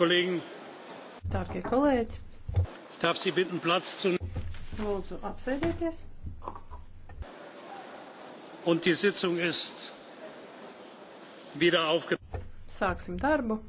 Kollegen, Dārgie kolēģi, ich darf Sie bitten, Platz zu Lūdzu, apsēdieties. Und die Sitzung ist wieder aufgenommen. Sāksim darbu.